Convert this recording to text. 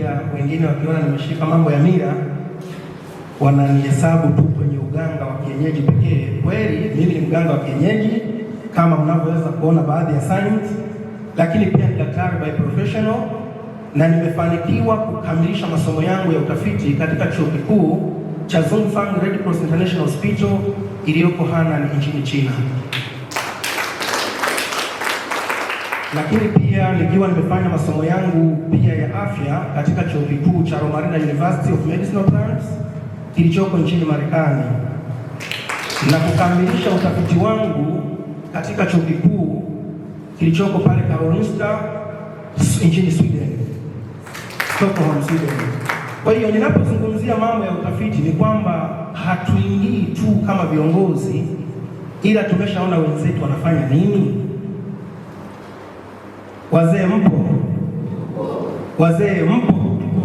Ya wengine wakiona nimeshika mambo ya mila wananihesabu tu kwenye uganga wa kienyeji pekee. Kweli mimi ni mganga wa kienyeji kama mnavyoweza kuona baadhi ya signs, lakini pia ni daktari by professional na nimefanikiwa kukamilisha masomo yangu ya utafiti katika chuo kikuu cha Zhongfang Red Cross International Hospital iliyoko Hanan nchini China. lakini pia nikiwa nimefanya masomo yangu pia ya afya katika chuo kikuu cha Romarina University of Medicinal Plants kilichoko nchini Marekani na kukamilisha utafiti wangu katika chuo kikuu kilichoko pale Karolinska nchini Sweden, Stockholm, Sweden. Kwa hiyo ninapozungumzia mambo ya utafiti ni kwamba hatuingii tu kama viongozi, ila tumeshaona wenzetu wanafanya nini Wazee mpo? Wazee mpo?